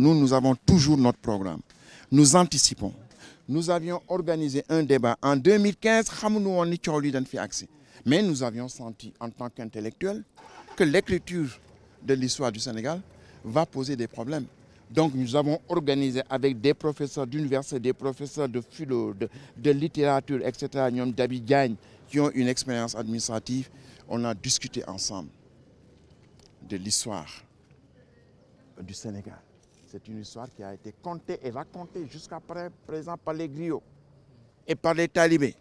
nous, nous avons toujours notre programme. Nous anticipons. Nous avions organisé un débat en 2015, mais nous avions senti en tant qu'intellectuels que l'écriture de l'histoire du Sénégal va poser des problèmes. Donc nous avons organisé avec des professeurs d'université, des professeurs de philo, de, littérature, etc., qui ont une expérience administrative. On a discuté ensemble de l'histoire du Sénégal. C'est une histoire qui a été contée et racontée jusqu'à présent par les griots et par les talibés.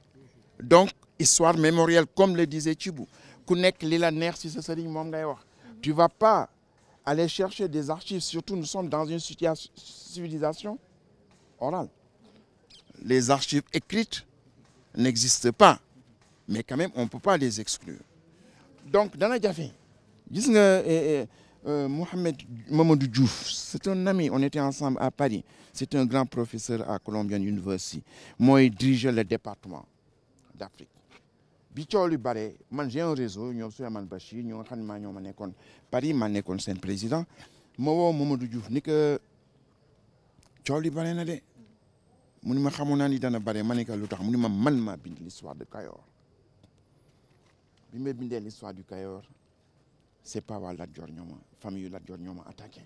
Donc, histoire mémorielle, comme le disait Chibou. Tu ne vas pas aller chercher des archives, surtout nous sommes dans une civilisation orale. Les archives écrites n'existent pas, mais quand même, on ne peut pas les exclure. Donc, dans la disons... Euh, Mohamed Mamadou Djouf, c'est un ami, on était ensemble à Paris. C'est un grand professeur à Colombian University. Moi, il dirigeait le département d'Afrique. j'ai un réseau, nous sommes à nous Paris, je suis président. Moi, Mamadou Diouf, ni que Baré n'a pas. Je ne sais pas si dana Baré, je ne je suis l'histoire de Kayor. Je me suis l'histoire du c'est pas waa Lat famille yu Lat Joor attaqué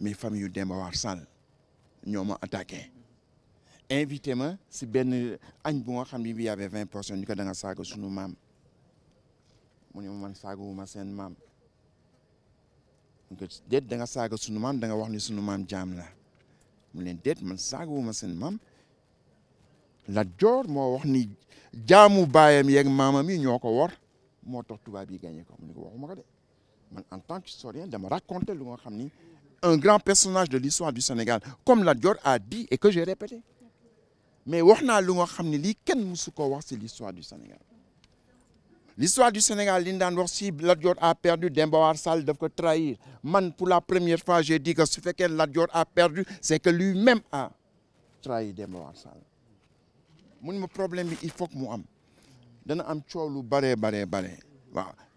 mais famille yu Demba War Sall ñoo ma attaqué invité ma si benn añ bu xam ne bi y avait vingt personnes ñu ko da nga saaga sunu maam mu ne ma man saagawuma seen mam donc déet da nga saaga sunu maam da nga wax ni sunu maam jaam la mu leen déet man saagawuma seen maam Lat Joor moo wax ni jaamu baayam yeeg maamam yi ñoo ko en tant qu'historien me raconter un grand personnage de l'histoire du Sénégal comme la Dior a dit et que j'ai répété mais wax naa lu nga ce que wax l'histoire du Sénégal l'histoire du Sénégal l'Indan si Ladior a perdu Demba Arsal Sall daf trahir man pour la première fois j'ai dit que ce fait que a perdu c'est que lui-même a trahi Demba Arsal. Sall problème il faut que moi dana am coow lu baree baree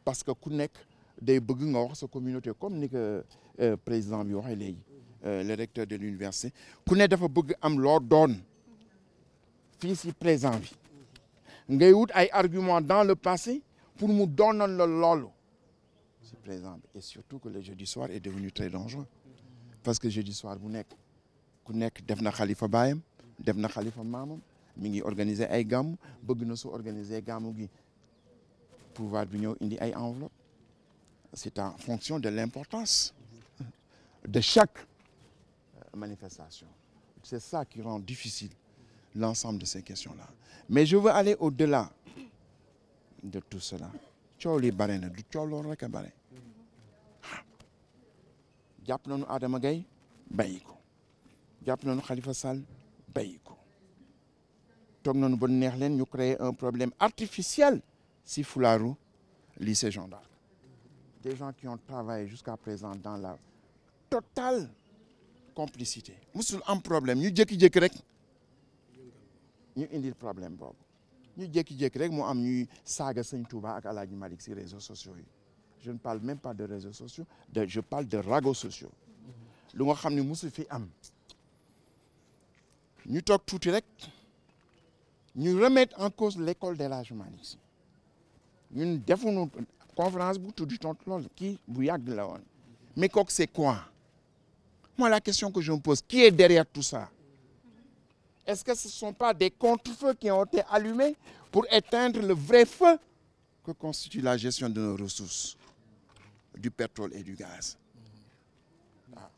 parce que ku nekk day bëgg nga wax sa communauté comme ni que euh, président euh, le recteur de l'université ku ne dafa bëgg am loo doon fii si présent Des ngay wut ay dans le passé pour mu donner le lolo. si présent et surtout que le jeudi soir est devenu très dangereux parce que jeudi soir bu nekk ku nekk def na xalifa baayam def na Mingi organiser ay gam bëgg na su organiser gàmm gi pouvoir bi ñëw indi ay enveloppe c'est en fonction de l'importance de chaque euh, manifestation c'est ça qui rend difficile l'ensemble de ces questions-là mais je veux aller au-delà de tout cela coow li bare na du coow loolu rek a bare jàpp nañu Adama gay bayiko japp nañu Khalifa Sall bayiko nous nous ba neex ñu créer un problème artificiel si fulaaru lycée Gendarme. des gens qui ont travaillé jusqu'à présent dans la totale complicité musul un problème ñu jékki-jékki rek ñu indil problème Nous ñu jékki-jékki rek mu am ñuy saga seigne Touba ak Alaaji Malick réseaux sociaux je ne parle même pas de réseaux sociaux je parle de ragots sociaux lu nga xamni musul fi am ñu tok tuuti rek nous remettons en cause l'école de l'âge humaniste avons une conférence du temps de l'homme. qui la mais que c'est quoi moi la question que je me pose qui est derrière tout ça est-ce que ce ne sont pas des contre-feux qui ont été allumés pour éteindre le vrai feu que constitue la gestion de nos ressources du pétrole et du gaz ah,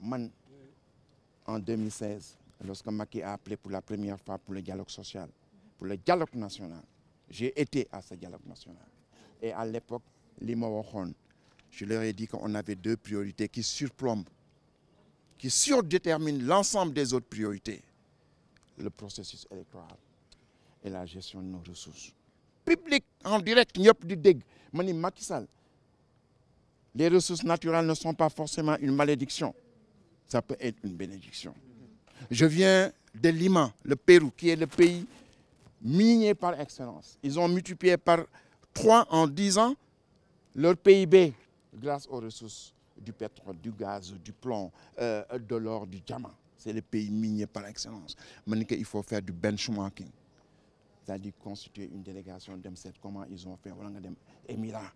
en 2016 lorsque Macky a appelé pour la première fois pour le dialogue social pour le dialogue national. J'ai été à ce dialogue national. Et à l'époque, je leur ai dit qu'on avait deux priorités qui surplombent, qui surdéterminent l'ensemble des autres priorités. Le processus électoral et la gestion de nos ressources. Public, en direct, Nyop du Deg, Mani Makissal. Les ressources naturelles ne sont pas forcément une malédiction. Ça peut être une bénédiction. Je viens de Lima, le Pérou, qui est le pays minier par excellence. Ils ont multiplié par 3 en 10 ans leur PIB grâce aux ressources du pétrole, du gaz, du plomb, euh, de l'or, du diamant. C'est le pays minier par excellence. Mais il faut faire du benchmarking. C'est-à-dire constituer une délégation d'em Comment ils ont fait Émirats,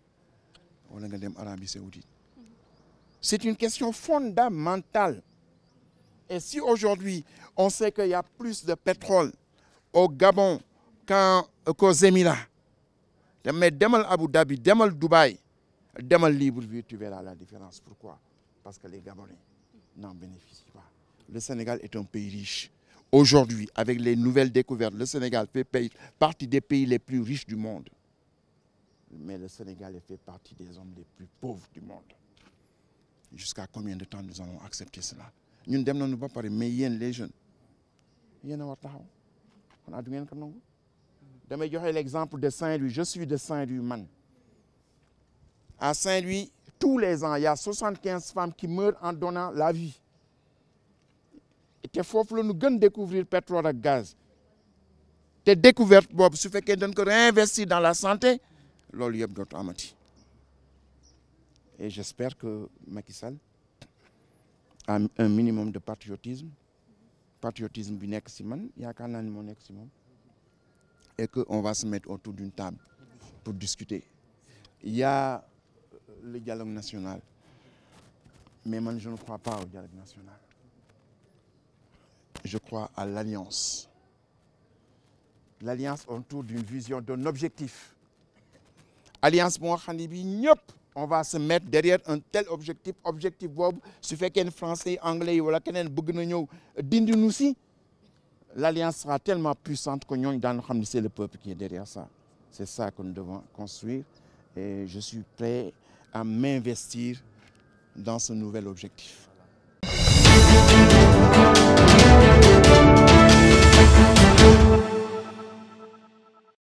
Arabie Saoudite. C'est une question fondamentale. Et si aujourd'hui, on sait qu'il y a plus de pétrole au Gabon, quand ko mais demain Abu Dhabi demain Dubaï demain Libreville tu verras la différence pourquoi parce que les Gabonais n'en bénéficient pas le Sénégal est un pays riche aujourd'hui avec les nouvelles découvertes le Sénégal fait partie des pays les plus riches du monde mais le Sénégal fait partie des hommes les plus pauvres du monde jusqu'à combien de temps nous allons accepter cela Nous ne nañu ba parler, mais a les jeunes y a war taxaw a vous donner l'exemple de Saint-Louis je suis de Saint-Louis man à Saint-Louis tous les ans il y a 75 femmes qui meurent en donnant la vie Il faut que nous gën découvrir pétrole le gaz une découverte Bob, su que dañ ko réinvestir dans la santé amati et j'espère que Macky Sall a un minimum de patriotisme patriotisme bi nekk y man a qu'un et qu'on va se mettre autour d'une table pour discuter. Il y a euh, le dialogue national. Mais moi, je ne crois pas au dialogue national. Je crois à l'alliance. L'alliance autour d'une vision, d'un objectif. Alliance, moi, on va se mettre derrière un tel objectif. Objectif, Bob, si fait qu'un Français, Anglais, voilà, qu'un Bougnognot, digne nous aussi l'alliance sera tellement puissante que nous allons c'est le peuple qui est derrière ça. C'est ça que nous devons construire et je suis prêt à m'investir dans ce nouvel objectif.